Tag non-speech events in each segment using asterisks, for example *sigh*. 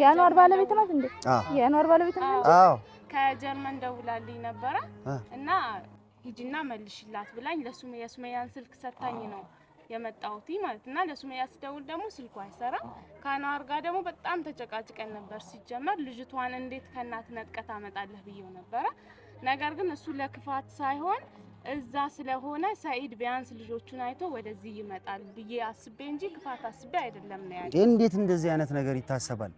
የአኗር ባለቤት ናት እንዴ? የአኗር ባለቤት ናት። አዎ ከጀርመን ደውላልኝ ነበረ እና ሂጂና መልሽላት ብላኝ ለሱሜ የሱሜያን ስልክ ሰታኝ ነው የመጣሁት ማለት እና ለሱሜያ ስደውል ደግሞ ስልኩ አይሰራም። ከአኗር ጋር ደግሞ በጣም ተጨቃጭቀን ነበር። ሲጀመር ልጅቷን እንዴት ከእናት ነጥቀት አመጣለህ ብዬው ነበረ። ነገር ግን እሱ ለክፋት ሳይሆን እዛ ስለሆነ ሰኢድ ቢያንስ ልጆቹን አይቶ ወደዚህ ይመጣል ብዬ አስቤ እንጂ ክፋት አስቤ አይደለም ነው ያለው። እንዴት እንደዚህ አይነት ነገር ይታሰባል?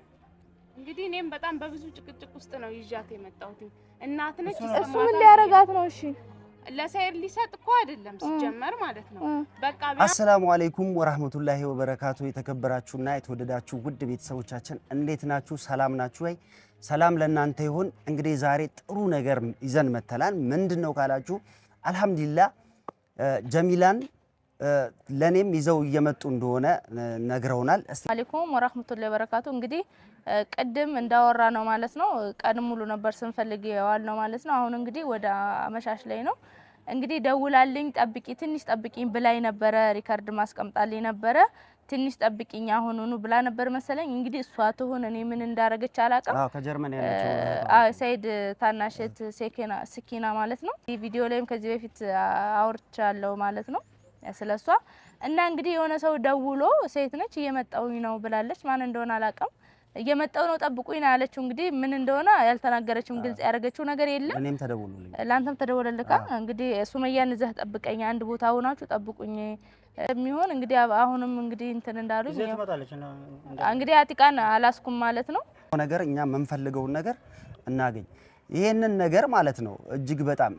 እንግዲህ እኔም በጣም በብዙ ጭቅጭቅ ውስጥ ነው ይዣት የመጣሁት። እናት ነች። እሱ ምን ሊያረጋት ነው? እሺ ለሰይድ ሊሰጥ እኮ አይደለም ሲጀመር ማለት ነው። በቃ አሰላሙ አለይኩም ወራህመቱላሂ ወበረካቱ። የተከበራችሁና የተወደዳችሁ ውድ ቤተሰቦቻችን እንዴት ናችሁ? ሰላም ናችሁ ወይ? ሰላም ለእናንተ ይሁን። እንግዲህ ዛሬ ጥሩ ነገር ይዘን መተላን ምንድን ነው ካላችሁ፣ አልሐምዱሊላህ ጀሚላን ለእኔም ይዘው እየመጡ እንደሆነ ነግረውናል። አሌኩም ወራህመቱላሂ ወበረካቱ። እንግዲህ ቅድም እንዳወራ ነው ማለት ነው። ቀን ሙሉ ነበር ስንፈልግ የዋል ነው ማለት ነው። አሁን እንግዲህ ወደ አመሻሽ ላይ ነው እንግዲህ ደውላልኝ ጠብቂ፣ ትንሽ ጠብቂኝ ብላኝ ነበረ። ሪከርድ ማስቀምጣልኝ ነበረ። ትንሽ ጠብቂኝ አሁኑኑ ብላ ነበር መሰለኝ። እንግዲህ እሷ ትሆን እኔ ምን እንዳረገች አላውቅም። ከጀርመን ያለችው ሰይድ ታናሽት ስኪና ማለት ነው። ቪዲዮ ላይም ከዚህ በፊት አውርቻለሁ ማለት ነው። ስለሷ እና እንግዲህ የሆነ ሰው ደውሎ ሴት ነች እየመጣውኝ ነው ብላለች። ማን እንደሆነ አላውቅም። እየመጣው ነው ጠብቁኝ ነው ያለችው። እንግዲህ ምን እንደሆነ ያልተናገረችም ግልጽ ያደረገችው ነገር የለም። እኔም ተደውሎልኝ ላንተም ተደወለልካ። እንግዲህ ሱመያን እዛ ጠብቀኝ፣ አንድ ቦታ ሆናችሁ ጠብቁኝ የሚሆን እንግዲህ አሁንም እንግዲህ እንትን እንዳሉ እንግዲህ አቲቃን አላስኩም ማለት ነው ነገር እኛ የምንፈልገውን ነገር እናገኝ ይሄንን ነገር ማለት ነው እጅግ በጣም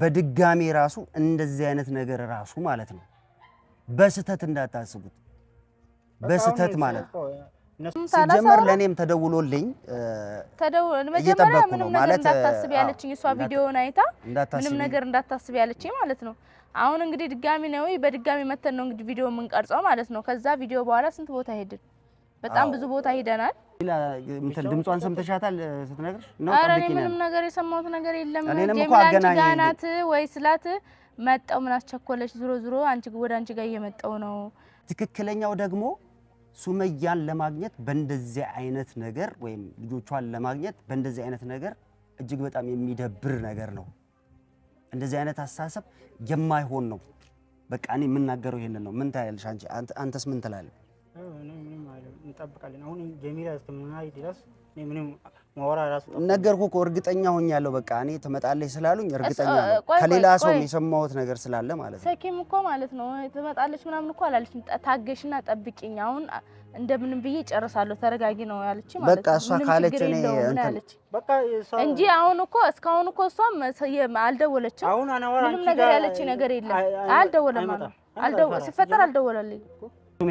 በድጋሚ ራሱ እንደዚህ አይነት ነገር ራሱ ማለት ነው በስተት እንዳታስቡት፣ በስተት ማለት ነው። ሲጀመር ለእኔም ተደውሎልኝ እየጠበኩ ነው ማለት እንዳታስብ ያለችኝ እሷ ቪዲዮውን አይታ ምንም ነገር እንዳታስብ ያለችኝ ማለት ነው። አሁን እንግዲህ ድጋሚ ነው በድጋሚ መተን ነው እንግዲህ ቪዲዮ የምንቀርጸው ማለት ነው። ከዛ ቪዲዮ በኋላ ስንት ቦታ ሄድን በጣም ብዙ ቦታ ሄደናል። ድምጿን ሰምተሻታል ስትነግርሽ? ኧረ እኔ ምንም ነገር የሰማሁት ነገር የለም። ጀሚላንቺ ጋ ናት ወይ ስላት መጣው ምን አስቸኮለች? ዞሮ ዞሮ አንቺ ወደ አንቺ ጋር እየመጣው ነው። ትክክለኛው ደግሞ ሱመያን ለማግኘት በእንደዚህ አይነት ነገር ወይም ልጆቿን ለማግኘት በእንደዚህ አይነት ነገር እጅግ በጣም የሚደብር ነገር ነው። እንደዚህ አይነት አስተሳሰብ የማይሆን ነው። በቃ እኔ የምናገረው ይሄንን ነው። ምን ታያለሽ አንቺ? አንተስ ምን ትላለህ? እንጠብቃለን። አሁን ጀሚላ እስከምና ድረስ ምንም ነገርኩ እኮ እርግጠኛ ሆኛለሁ። በቃ እኔ ትመጣለች ስላሉኝ እርግጠኛ ነው። ከሌላ ሰው የሰማሁት ነገር ስላለ ማለት ነው። ሰኪም እኮ ማለት ነው ትመጣለች ምናምን እኮ አላለችም። ታገሽና ጠብቂኝ፣ አሁን እንደምንም ብዬ ጨርሳለሁ፣ ተረጋጊ ነው ያለች ማለት በቃ እሷ ካለች እኔ እንጂ አሁን እኮ እስካሁን እኮ እሷም አልደወለችም። ምንም ነገር ያለች ነገር የለም። አልደወለም፣ ሲፈጠር አልደወለልኝ።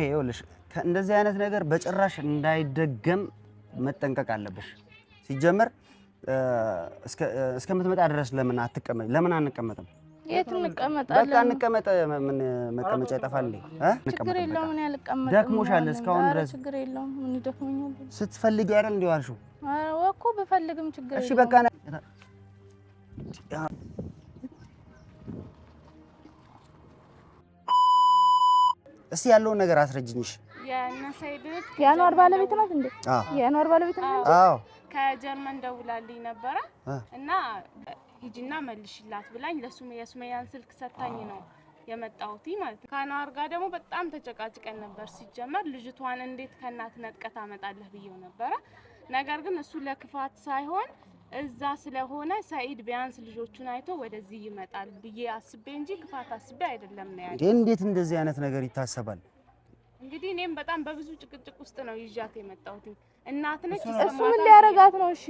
ይኸውልሽ እንደዚህ አይነት ነገር በጭራሽ እንዳይደገም መጠንቀቅ አለብሽ። ሲጀመር እስከምትመጣ ድረስ ለምን አትቀመጥ? ለምን አንቀመጥም? የት እንቀመጣለን? በቃ እንቀመጥ። ምን መቀመጫ ይጠፋል እንዴ? ችግር የለውም። እኔ አልቀመጥም። ደክሞሻል እስካሁን ድረስ? ችግር የለውም። እኔ ደክሞኛል። ስትፈልጊ አይደል እንዲዋልሽው? አዎ እኮ ብፈልግም ችግር የለውም። እሺ በቃ እስቲ ያለውን ነገር አስረጅኝሽ። የአኗር ባለቤት ናት እንዴ? የአኗር ባለቤት ናት። አዎ ከጀርመን ደውላልኝ ነበረ እና ሂጂና መልሽላት ብላኝ ለሱ የሱመያን ስልክ ሰታኝ ነው የመጣሁት ማለት ነው። ከአኗር ጋር ደግሞ በጣም ተጨቃጭቀን ነበር። ሲጀመር ልጅቷን እንዴት ከእናት ነጥቀት አመጣለህ ብዬው ነበረ። ነገር ግን እሱ ለክፋት ሳይሆን እዛ ስለሆነ ሰኢድ ቢያንስ ልጆቹን አይቶ ወደዚህ ይመጣል ብዬ አስቤ እንጂ ክፋት አስቤ አይደለም ነው ያለው። እንዴት እንደዚህ አይነት ነገር ይታሰባል? እንግዲህ እኔም በጣም በብዙ ጭቅጭቅ ውስጥ ነው ይዣት የመጣሁት። እናት ነች። እሱ ምን ሊያረጋት ነው? እሺ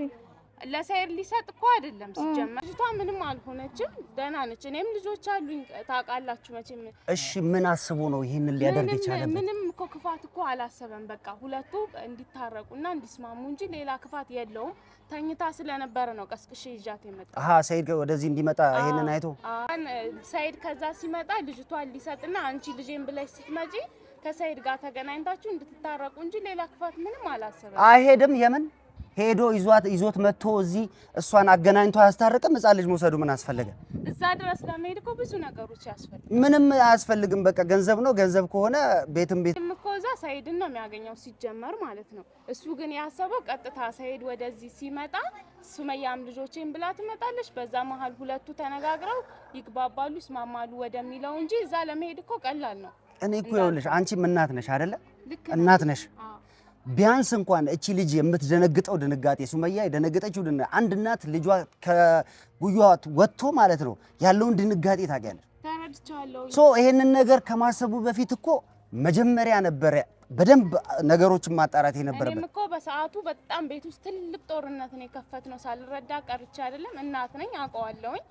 ለሳይር ሊሰጥ እኮ አይደለም። ሲጀመር ልጅቷ ምንም አልሆነችም፣ ደህና ነች። እኔም ልጆች አሉኝ ታውቃላችሁ መቼም። እሺ ምን አስቦ ነው ይህንን ሊያደርግ ይቻለ? ምንም እኮ ክፋት እኮ አላሰበም። በቃ ሁለቱ እንዲታረቁና እንዲስማሙ እንጂ ሌላ ክፋት የለውም። ተኝታ ስለነበረ ነው ቀስቅሼ ይዣት የመጣ ሰይድ ወደዚህ እንዲመጣ ይህንን አይቶ ሰይድ ከዛ ሲመጣ ልጅቷን ሊሰጥና አንቺ ልጄን ብለሽ ስትመጪ ከሰይድ ጋር ተገናኝታችሁ እንድትታረቁ እንጂ ሌላ ክፋት ምንም አላሰበም። አይሄድም የምን ሄዶ ይዟት ይዞት መጥቶ እዚህ እሷን አገናኝቶ አያስታርቅም። ሕፃን ልጅ መውሰዱ ምን አስፈለገ? እዛ ድረስ ለመሄድ እኮ ብዙ ነገሮች ያስፈልጋል። ምንም አያስፈልግም። በቃ ገንዘብ ነው። ገንዘብ ከሆነ ቤትም ቤት እኮ እዛ ሳይድን ነው የሚያገኘው ሲጀመር ማለት ነው። እሱ ግን ያሰበው ቀጥታ ሳይድ ወደዚህ ሲመጣ ሱመያም ልጆቼን ብላ ትመጣለች፣ በዛ መሀል ሁለቱ ተነጋግረው ይግባባሉ፣ ይስማማሉ ወደሚለው እንጂ እዛ ለመሄድ እኮ ቀላል ነው። እኔ እኮ ይኸውልሽ፣ አንቺም እናት ነሽ አይደለ? እናት ነሽ ቢያንስ እንኳን እቺ ልጅ የምትደነግጠው ድንጋጤ ሱመያ የደነገጠችው አንድ እናት ልጇ ከጉያ ወጥቶ ማለት ነው ያለውን ድንጋጤ ታውቂያለሽ። ሶ ይሄንን ነገር ከማሰቡ በፊት እኮ መጀመሪያ ነበረ በደንብ ነገሮችን ማጣራት የነበረበት። እኮ በሰዓቱ በጣም ቤት ውስጥ ትልቅ ጦርነት ነው የከፈት ነው ሳልረዳ ቀርቼ አይደለም። እናት ነኝ አውቀዋለሁኝ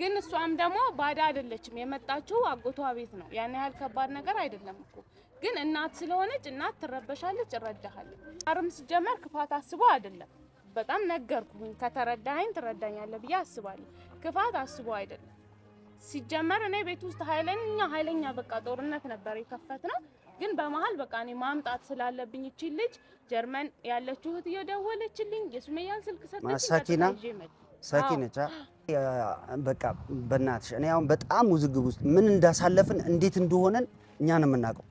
ግን እሷም ደግሞ ባዳ አይደለችም። የመጣችው አጎቷ ቤት ነው። ያን ያህል ከባድ ነገር አይደለም እኮ። ግን እናት ስለሆነች እናት ትረበሻለች። እረዳሃለሁ። አርም ሲጀመር ክፋት አስቦ አይደለም። በጣም ነገርኩኝ። ከተረዳኸኝ ትረዳኛለህ ብዬ አስባለሁ። ክፋት አስቦ አይደለም። ሲጀመር እኔ ቤት ውስጥ ኃይለኛ ኃይለኛ በቃ ጦርነት ነበር የከፈት ነው። ግን በመሀል በቃ እኔ ማምጣት ስላለብኝ እቺ ልጅ ጀርመን ያለችው እየደወለችልኝ የሱመያን ስልክ ሰጠች። ሰኪ ነቻ በቃ በእናትሽ እኔ አሁን በጣም ውዝግብ ውስጥ ምን እንዳሳለፍን እንዴት እንደሆነን እኛን የምናውቀው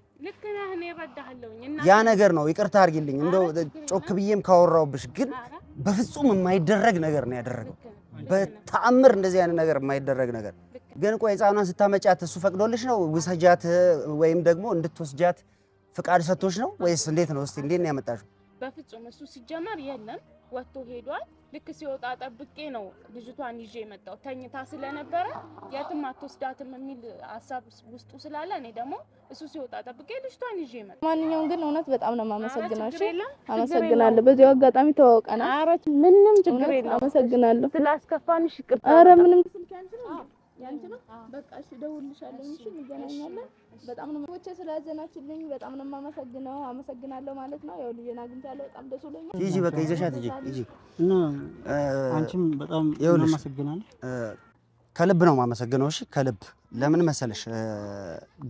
ያ ነገር ነው። ይቅርታ አድርጊልኝ እንደው ጮክ ብዬም ካወራውብሽ፣ ግን በፍጹም የማይደረግ ነገር ነው ያደረገው። በተአምር እንደዚህ አይነት ነገር የማይደረግ ነገር ግን ቆይ ሕፃኗን ስታመጫት እሱ ፈቅዶልሽ ነው ውሰጃት ወይም ደግሞ እንድትወስጃት ፍቃድ ሰጥቶሽ ነው ወይስ እንዴት ነው? እስቲ እንዴት ነው ያመጣሽው? በፍጹም እሱ ሲጀመር የለም ወጥቶ ሄዷል። ልክ ሲወጣ ጠብቄ ነው ልጅቷን ይዤ የመጣው። ተኝታ ስለነበረ የትም አትወስዳትም የሚል ሀሳብ ውስጡ ስላለ እኔ ደግሞ እሱ ሲወጣ ጠብቄ ልጅቷን ይዤ መጣ። ማንኛውም ግን እውነት በጣም ነው የማመሰግናቸው። አመሰግናለሁ። በዚያው አጋጣሚ ተዋውቀናል። ምንም ችግር የለም። አመሰግናለሁ ስላስከፋንሽ። ኧረ ምንም ያንቺ ነው። በቃ እሺ፣ እደውልልሻለሁ። እሺ፣ እንገናኛለን። በጣም ነው ወቸ ስላዘናችልኝ፣ በጣም ነው የማመሰግነው። አመሰግናለሁ ማለት ነው። ያው ልጄን አግኝቻለሁ፣ በጣም ደስ ብሎኛል። ሂጂ፣ በቃ ይዘሻት ሂጂ፣ ሂጂ። እና አንቺም በጣም ነው እናመሰግናለን። ከልብ ነው የማመሰግነው። እሺ፣ ከልብ ለምን መሰለሽ፣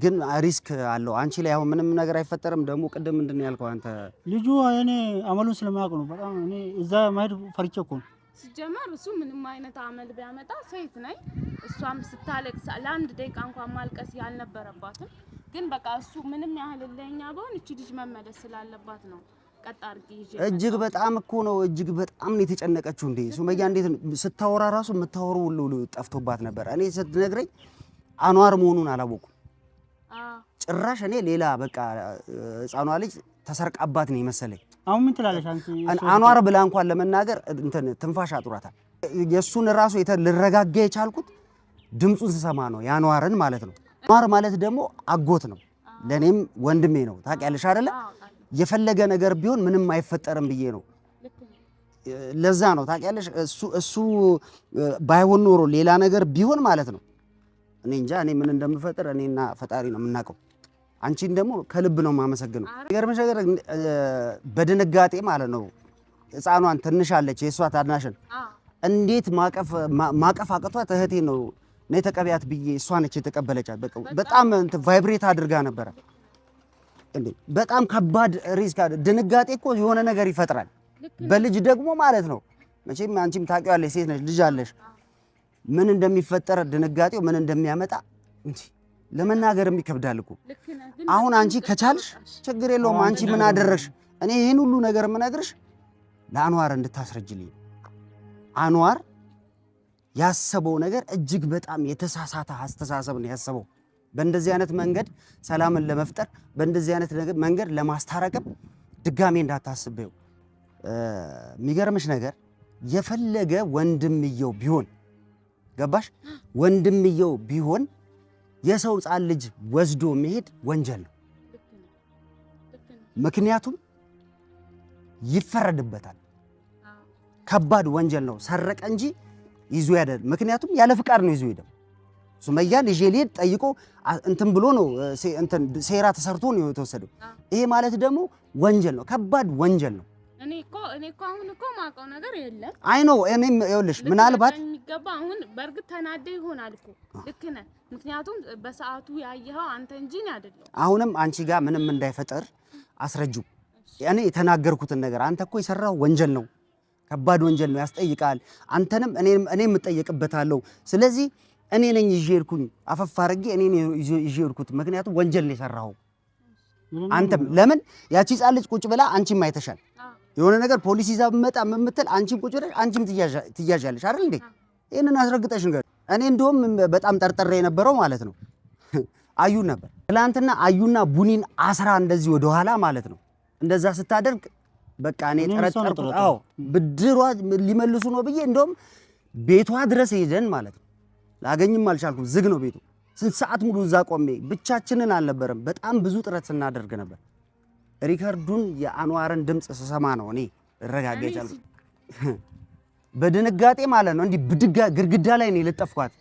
ግን ሪስክ አለው አንቺ ላይ አሁን ምንም ነገር አይፈጠርም። ደግሞ ቅድም ምንድን ነው ያልከው አንተ? ልጁ እኔ አመሉን ስለማያውቅ ነው በጣም እኔ እዛ መሄድ ፈርቼ እኮ ነው ሲጀመር እሱ ምንም አይነት አመል ቢያመጣ ሴት ነኝ። እሷም ስታለቅስ ለአንድ ደቂቃ እንኳን ማልቀስ ያልነበረባትም፣ ግን በቃ እሱ ምንም ያህል ለኛ በሆን እቺ ልጅ መመለስ ስላለባት ነው። እጅግ በጣም እኮ ነው እጅግ በጣም ነው የተጨነቀችው። እንዴ ሱመያ እንዴት ስታወራ ራሱ የምታወሩ ሁሉ ጠፍቶባት ነበር። እኔ ስትነግረኝ አኗር መሆኑን አላወቁም። ጭራሽ እኔ ሌላ በቃ ህፃኗ ልጅ ተሰርቃባት ነው የመሰለኝ አሁን ምን ትላለሽ? አኗር ብላ እንኳን ለመናገር እንትን ትንፋሽ አጥሯታል። የእሱን ራሱ ልረጋጋ የቻልኩት ድምፁን ስሰማ ነው፣ የአኗርን ማለት ነው። አኗር ማለት ደግሞ አጎት ነው፣ ለእኔም ወንድሜ ነው። ታውቂያለሽ አይደለ? የፈለገ ነገር ቢሆን ምንም አይፈጠርም ብዬ ነው። ለዛ ነው ታውቂያለሽ። እሱ ባይሆን ኖሮ ሌላ ነገር ቢሆን ማለት ነው እኔ እንጃ እኔ ምን እንደምፈጥር እኔና ፈጣሪ ነው የምናውቀው። አንቺን ደግሞ ከልብ ነው የማመሰግነው። የሚገርምሽ ነገር በድንጋጤ ማለት ነው ህፃኗን ትንሽ አለች የእሷ ታናሽን እንዴት ማቀፍ አቅቷት እህቴ ነው ነይ ተቀቢያት ብዬ እሷ ነች የተቀበለቻት። በጣም ቫይብሬት አድርጋ ነበረ። በጣም ከባድ ሪስክ። ድንጋጤ እኮ የሆነ ነገር ይፈጥራል በልጅ ደግሞ ማለት ነው። መቼም አንቺም ታውቂዋለሽ፣ ሴት ነች ልጅ አለሽ። ምን እንደሚፈጠር ድንጋጤው ምን እንደሚያመጣ ለመናገርም ይከብዳል እኮ አሁን አንቺ ከቻልሽ ችግር የለውም አንቺ ምን አደረግሽ እኔ ይህን ሁሉ ነገር የምነግርሽ ለአንዋር እንድታስረጅልኝ አንዋር ያሰበው ነገር እጅግ በጣም የተሳሳተ አስተሳሰብ ነው ያሰበው በእንደዚህ አይነት መንገድ ሰላምን ለመፍጠር በእንደዚህ አይነት መንገድ ለማስታረቅም ድጋሜ እንዳታስበው የሚገርምሽ ነገር የፈለገ ወንድምየው ቢሆን ገባሽ ወንድምየው ቢሆን የሰው ሕፃን ልጅ ወስዶ መሄድ ወንጀል ነው። ምክንያቱም ይፈረድበታል። ከባድ ወንጀል ነው። ሰረቀ እንጂ ይዞ ያደል። ምክንያቱም ያለ ፍቃድ ነው ይዞ ሄደው ሱመያን ይዤ ልሄድ ጠይቆ እንትን ብሎ ነው ሴራ ተሰርቶ ነው የተወሰደው። ይሄ ማለት ደግሞ ወንጀል ነው፣ ከባድ ወንጀል ነው። እኔ እኮ እኔ እኮ አሁን እኮ የማውቀው ነገር የለም። አይ ነው እኔም ይኸውልሽ፣ ምናልባት የሚገባ አሁን በእርግጥ ተናደ ይሆናል እኮ ልክ ነህ። ምክንያቱም በሰዓቱ ያየኸው አንተ እንጂ አይደለም። አሁንም አንቺ ጋር ምንም እንዳይፈጠር አስረጁ። እኔ የተናገርኩትን ነገር አንተ እኮ የሰራው ወንጀል ነው፣ ከባድ ወንጀል ነው፣ ያስጠይቃል። አንተንም እኔም እኔም እጠየቅበታለሁ። ስለዚህ እኔ ነኝ ይዤ ሄድኩኝ፣ አፈፍ አድርጌ እኔ ነኝ ይዤ ሄድኩት። ምክንያቱም ወንጀል ነው የሰራኸው አንተም። ለምን ያቺ ጻልጭ ቁጭ ብላ አንቺም አይተሻል የሆነ ነገር ፖሊስ ይዛ ብመጣ የምትል አንቺም ቁጭ ብለሽ አንቺም ትያዣለሽ አይደል እንዴ? ይህንን አስረግጠሽ ንገሪው። እኔ እንደውም በጣም ጠርጥሬ የነበረው ማለት ነው *laughs* አዩን ነበር። ትላንትና አዩና ቡኒን አስራ እንደዚህ ወደኋላ ማለት ነው እንደዛ ስታደርግ በቃ እኔ ጠረጠርኩ። ብድሯ ሊመልሱ ነው ብዬ እንደውም ቤቷ ድረስ ሄደን ማለት ነው ላገኝም አልቻልኩም። ዝግ ነው ቤቱ። ስንት ሰዓት ሙሉ እዛ ቆሜ ብቻችንን አልነበረም። በጣም ብዙ ጥረት ስናደርግ ነበር። ሪከርዱን የአንዋርን ድምፅ ስሰማ ነው እኔ እረጋጋ *laughs* በድንጋጤ ማለት ነው። እንዲህ ብድጋ ግድግዳ ላይ ነው የለጠፍኳት።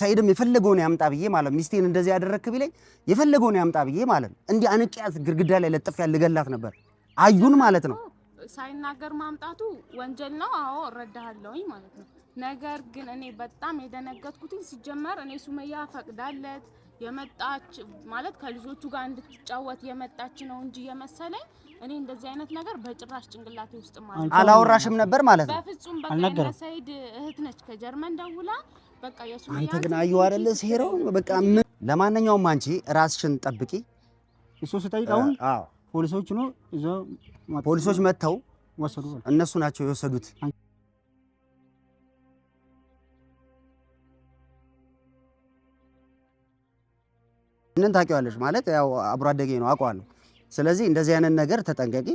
ሰይድም የፈለገውን ያምጣ ብዬ ማለት ሚስቴን እንደዚህ ያደረግክ ቢለኝ የፈለገውን ያምጣ ብዬ ማለት ነው። እንዲህ አንቅያት ግድግዳ ላይ ለጠፍ ያልገላት ነበር። አዩን ማለት ነው። ሳይናገር ማምጣቱ ወንጀል ነው። አዎ እረዳሃለሁኝ ማለት ነው። ነገር ግን እኔ በጣም የደነገጥኩትኝ ሲጀመር እኔ ሱመያ ፈቅዳለት የመጣች ማለት ከልጆቹ ጋር እንድትጫወት የመጣች ነው እንጂ የመሰለኝ እኔ እንደዚህ አይነት ነገር በጭራሽ ጭንቅላቴ ውስጥ ማለት አላወራሽም ነበር ማለት ነው። በፍጹም በቃ ሰይድ እህት ነች ከጀርመን ደውላ በቃ የሱ አንተ ግን አዩ አይደለ ሲሄረው በቃ ለማንኛውም አንቺ ራስሽን ጠብቂ። እሱ ስጠይቅ አሁን ፖሊሶች ነው ፖሊሶች መጥተው ወሰዱ። እነሱ ናቸው የወሰዱት። እንን ታውቂዋለሽ ማለት ያው አብሮ አደጌ ነው አውቀዋለሁ። ስለዚህ እንደዚህ አይነት ነገር ተጠንቀቂ።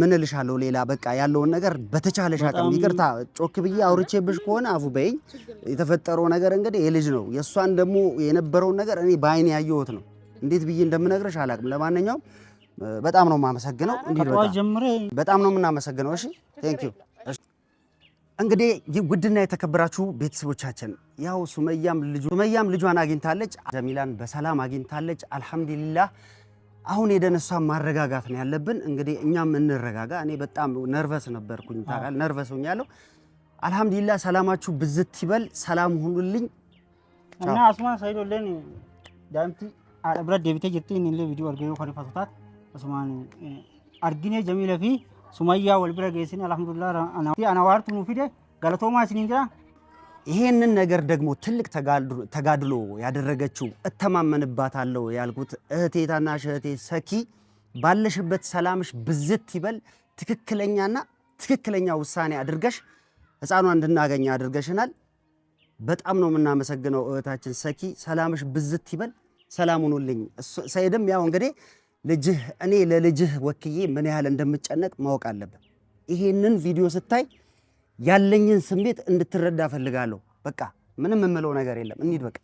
ምን እልሻለሁ ሌላ በቃ ያለውን ነገር በተቻለሽ አቅም ይቅርታ ጮክ ብዬ አውርቼብሽ ከሆነ አፉ በይኝ። የተፈጠረው ነገር እንግዲህ የልጅ ነው። የእሷን ደግሞ የነበረውን ነገር እኔ በአይን ያየሁት ነው። እንዴት ብዬ እንደምነግርሽ አላቅም። ለማንኛውም በጣም ነው የማመሰግነው። እንዲህ በጣም ነው የምናመሰግነው። እሺ ቴንክ ዩ እንግዲህ ውድና የተከበራችሁ ቤተሰቦቻችን ያው ሱመያም ልጇን አግኝታለች፣ ጀሚላን በሰላም አግኝታለች። አልሐምዱሊላህ አሁን የደነሷ ማረጋጋት ነው ያለብን። እንግዲህ እኛም እንረጋጋ። እኔ በጣም ነርቨስ ነበርኩኝ፣ ታውቃለህ፣ ነርቨስ ሆኛለሁ። አልሐምዱሊላህ ሰላማችሁ ብዝት ይበል፣ ሰላም ሁኑልኝ እና አስማ ሳይዶለን ዳንቲ አብረት ደብቴ ጅርቲ ቪዲዮ አርገዮ ከሪፋሶታት አስማን አርጊኔ ፊ ሱመያ ወል ብረ ጌሲን አልሐምዱሊላህ አናዋርቱን ፊዴ ጋለቶማ ሲኒን ጅራ ይሄንን ነገር ደግሞ ትልቅ ተጋድሎ ያደረገችው እተማመንባታለሁ ያልኩት እህቴ ታናሽ እህቴ ሰኪ ባለሽበት ሰላምሽ ብዝት ይበል። ትክክለኛና ትክክለኛ ውሳኔ አድርገሽ ሕፃኗ እንድናገኝ አድርገሽናል። በጣም ነው የምናመሰግነው እህታችን ሰኪ። ሰላምሽ ብዝት ይበል። ሰላም ሁኑልኝ። ሰይድም ያው እንግዲህ ልጅህ እኔ ለልጅህ ወክዬ ምን ያህል እንደምጨነቅ ማወቅ አለብን። ይሄንን ቪዲዮ ስታይ ያለኝን ስሜት እንድትረዳ እፈልጋለሁ። በቃ ምንም የምለው ነገር የለም። እንሂድ በቃ